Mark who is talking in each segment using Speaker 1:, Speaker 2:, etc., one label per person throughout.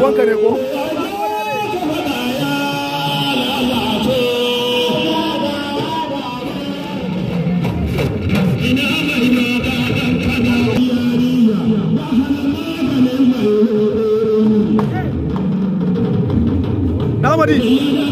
Speaker 1: babanka ne ko
Speaker 2: Nobody.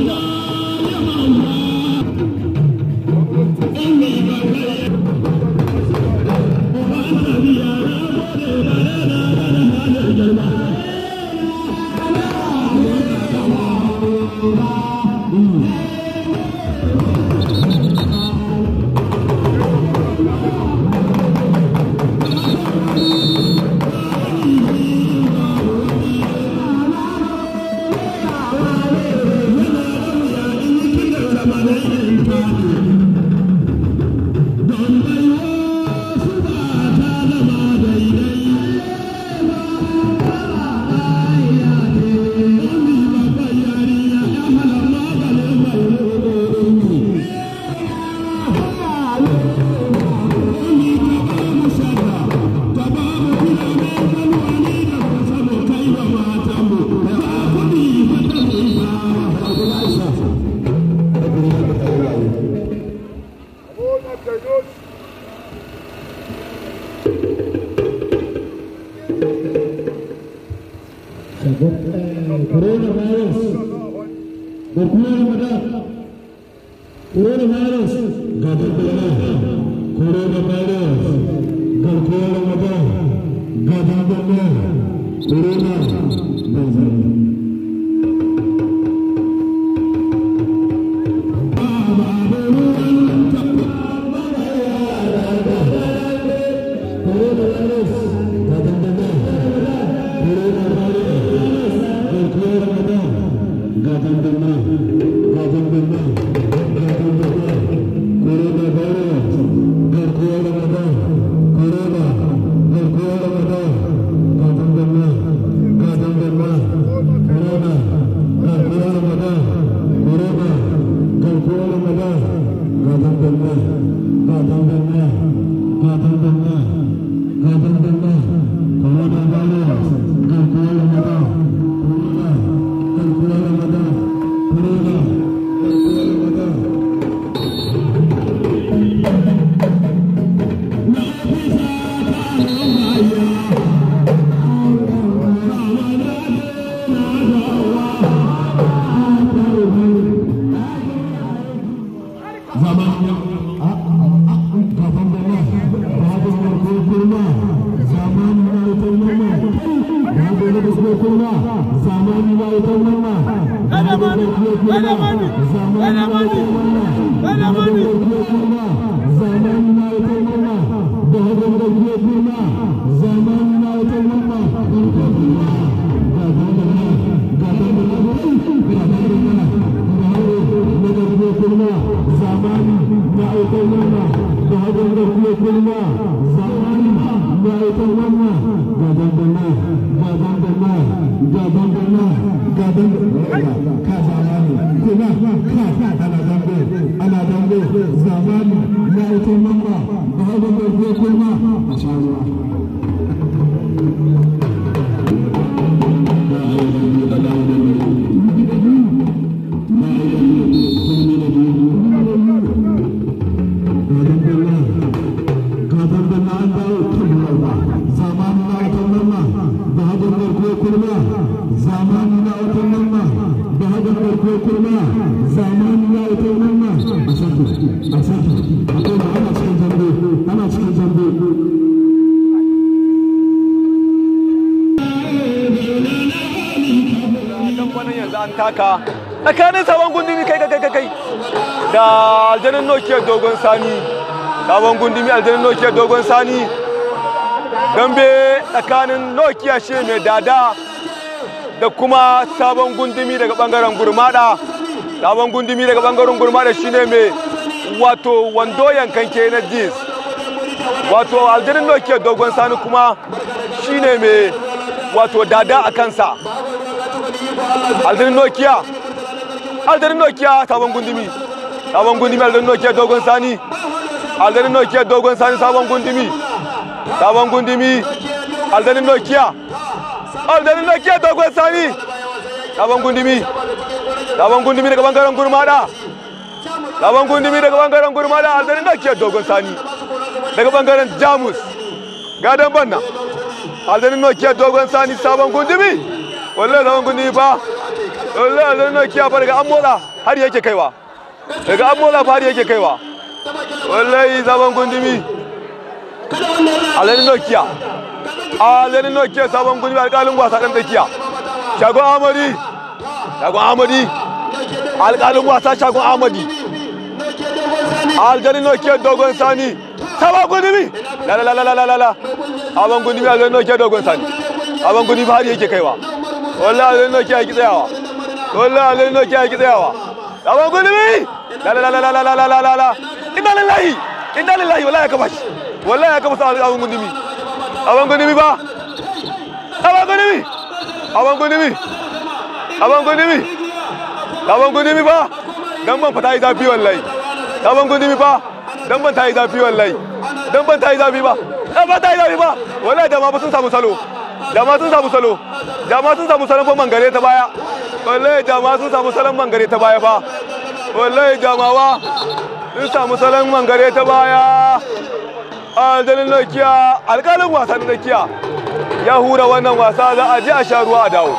Speaker 1: Corona virus. Berpulang pada Corona virus. Gagal corona. Corona virus. Gagal corona pada gagal corona. Corona. Gagal. kurma, zamanına ait olma, doğrumda gidiyor kurma, zamanına ait olma, kurma kurma, gazanına, gazanına kurma, gazanına, doğrumda gidiyor kurma, zamanına ait olma, doğrumda gidiyor kurma, zamanına ait olma, gazanına, gazanına, gazanına, gazanına, kazanına, kurma, kazanına, dambe zamani na ita mamba ba da kuma a shawarwa
Speaker 2: haka tsakanin sabon gundumi kai kai kai kai da aljanin nokiyar dogon sani sabon gundumi aljanin nokiyar dogon sani dambe tsakanin nokiya shi mai dada da kuma sabon gundumi daga bangaren gurmada sabon gundumi daga bangaren gurmada shine mai wato wando yankanke na jeans wato aljanin nokiyar dogon sani kuma shine mai wato dada a kansa aldarin nokiya aldarin nokiya sabon gundumi sabon gundumi aldarin nokiya dogon sani aldarin nokiya dogon sani sabon gundumi sabon gundumi aldarin nokiya aldarin nokiya dogon sani sabon gundumi sabon gundumi daga bangaren gurmada sabon gundumi daga bangaren gurmada aldarin nokiya dogon sani daga bangaren jamus gadon banna aldarin nokiya dogon sani sabon gundumi wallahi zaman gundumi fa wallahi zaman nokiya fa daga an amola har yake kaiwa daga amola fa har yake kaiwa wallahi zaman gundumi alani nokiya alani nokiya sabon gundumi alƙalin wasa ɗan tsakiya shagon amadi shagon amadi alƙalin wasa shagon amadi aljani nokiya dogon sani sabon gundumi la la la la la la la abon gundumi aljani nokiya dogon sani abon gundumi har yake kaiwa wallahi alin noki ya ki tsayawa wallahi alin noki ya ki tsayawa laban gulmi la la la la la la la la inna lillahi inna lillahi wallahi ya kama shi wallahi ya kama sa abin gundumi abin gundumi ba abin gundumi abin gundumi abin gundumi abin gundumi ba dan ban fata yi zafi wallahi abin gundumi ba dan ban ta yi zafi wallahi dan ban ta ba dan ban ta yi zafi ba wallahi da ma sun samu salo Dama sun samu salo jama sun samu salon mangare ta baya wallahi jama sun samu salon mangare ta baya fa wallahi jamawa sun samu salon mangare ta baya aljalin nakiya alkalin wasan nakiya ya hura wannan wasa za a je a sha ruwa a dawo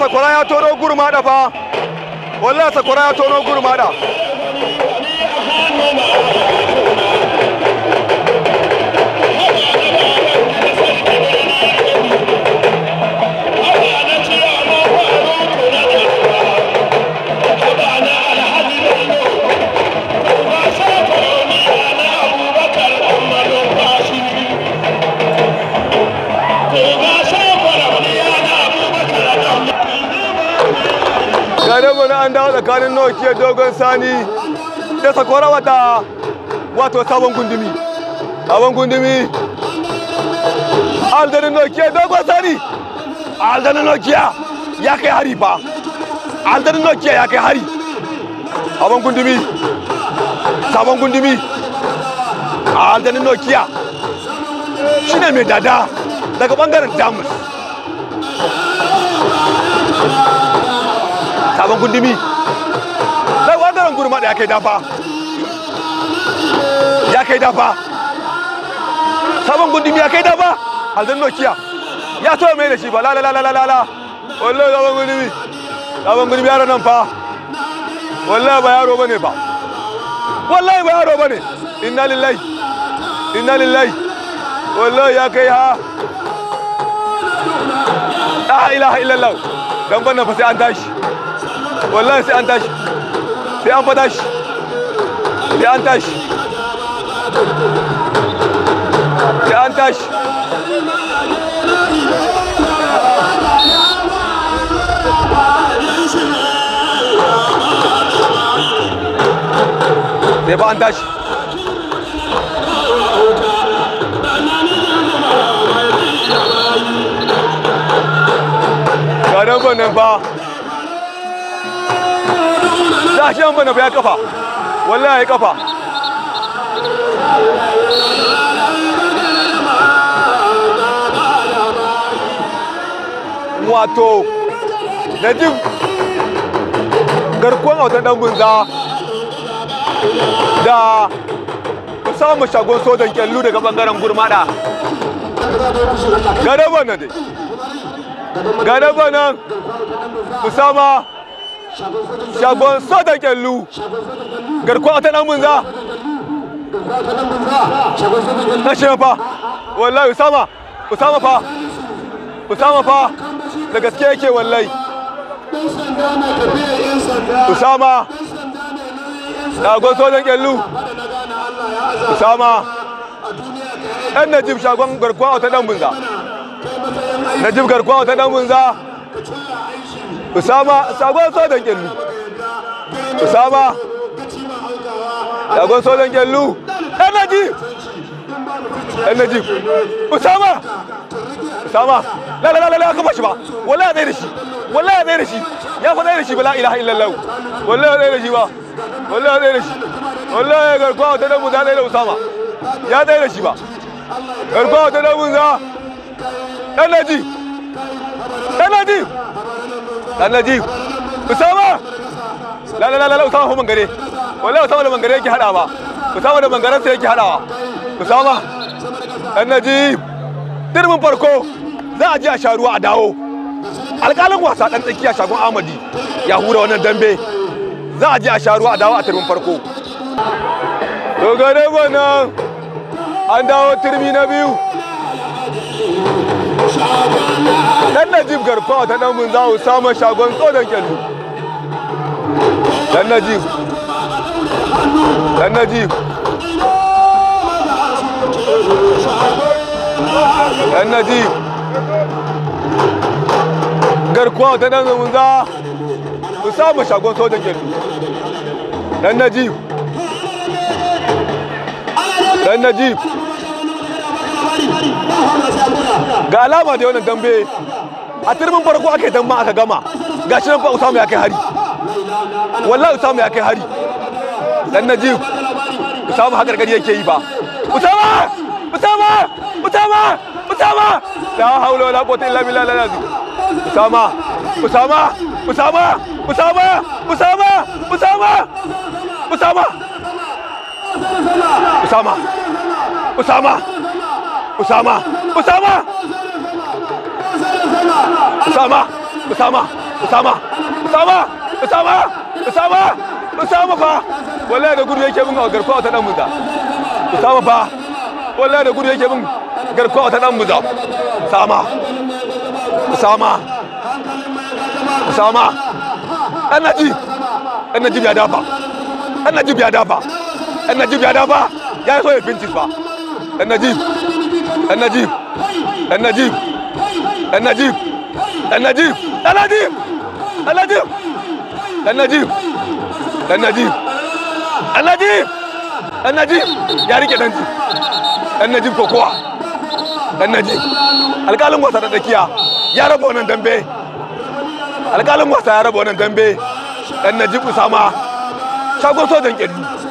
Speaker 2: sakwara ya toro gurma da fa wallahi sakwara ya toro gurma da dogon sani da sakwara wata wato sabon gundumi sabon gundumi aldanin nokia dogon sani aldanin nokia ya kai hari ba aldanin nokia ya kai hari sabon gundumi sabon gundumi aldanin nokia shine mai dada daga bangaren jamus sabon gundumi gurma da ya kai dafa ya kai dafa sabon gundumi ya kai dafa haldan nokia ya to mai da shi ba la la la la la la wallahi sabon gundumi sabon gundumi yaro nan fa wallahi ba yaro bane ba wallahi ba yaro bane inna lillahi inna lillahi wallahi ya kai ha la ilaha illallah dan bannan fa sai an tashi wallahi sai an tashi sai an fada shi an tashi sai an tashi an shi an bana ya kafa wallahi ya kafa wato da jin garkuwan autan dan gunza da samun shagon sojan kyallu daga bangaren gurmada gadaba na dai gadaba nan kusama
Speaker 1: shagon sata kyallu garkuwa ta nan munza na
Speaker 2: shi fa wallahi usama usama fa usama fa da gaske yake wallahi usama shagon sojan kyallu usama ɗan najib shagon garkuwa ta nan munza najib garkuwa ta nan munza Usama sagon sojan kyallu. Usama sagon sojan kyallu. Energy! Energy! Usama Usama la la la la ka bashi ba wallahi zai da shi wallahi zai da shi ya fa zai da shi ba la ilaha illallah wallahi zai da shi ba wallahi zai da shi wallahi garkuwa ta dan musa zai da Usama ya zai da shi ba garkuwa ta dan musa ɗan Energy! ɗan Lalaji Usama la la la Usama fa mangare wallahi Usama da mangare yake hadawa Usama da mangaren yake hadawa Usama Lalaji dirmin farko za a je a a dawo alƙalin wasa ɗan tsakiya shagon Amadi ya hura wannan dambe za a je a a dawo a turmin farko to ga nan an dawo turmi na biyu dan najib ta dan mun samun shagon kyallu dan najib dan najib dan najib garkuwa ta dan za samun shagon kyallu dan najib dan najib ga alama da wannan dambe a turmin farko ake yi tamma aka gama shi nan fa Usamu ya kai hari wallahi Usamu ya kai hari dan Najib Usamu haka gari yake yi ba Usamu Usamu Usamu Usamu la haula wala quwwata illa billah la lazim Usama Usama Usama Usama Usama Usama Usama Usama Usama Usama Usama Usama Usama, Usama, Usama, Usama, Usama, Usama, Usama fa. Wallahi da gudu yake bin garkuwa ta dan muda. Usama fa. Wallahi da gudu yake bin garkuwa ta dan muda. Usama. Usama. Usama. Ɗan Najib. Ɗan Najib ya dafa. Ɗan Najib ya dafa. Ɗan ya dafa. Ya so ya fincis fa. Ɗan Najib. Ɗan Najib. Ɗan Najib. dan najib dan najib dan najib dan najib dan najib dan najib dan najib ya rike dan najib dan najib dan najib alƙalin wasa da tsakiya ya raba dambe alƙalin wasa ya dambe dan shagon sojan ƙirji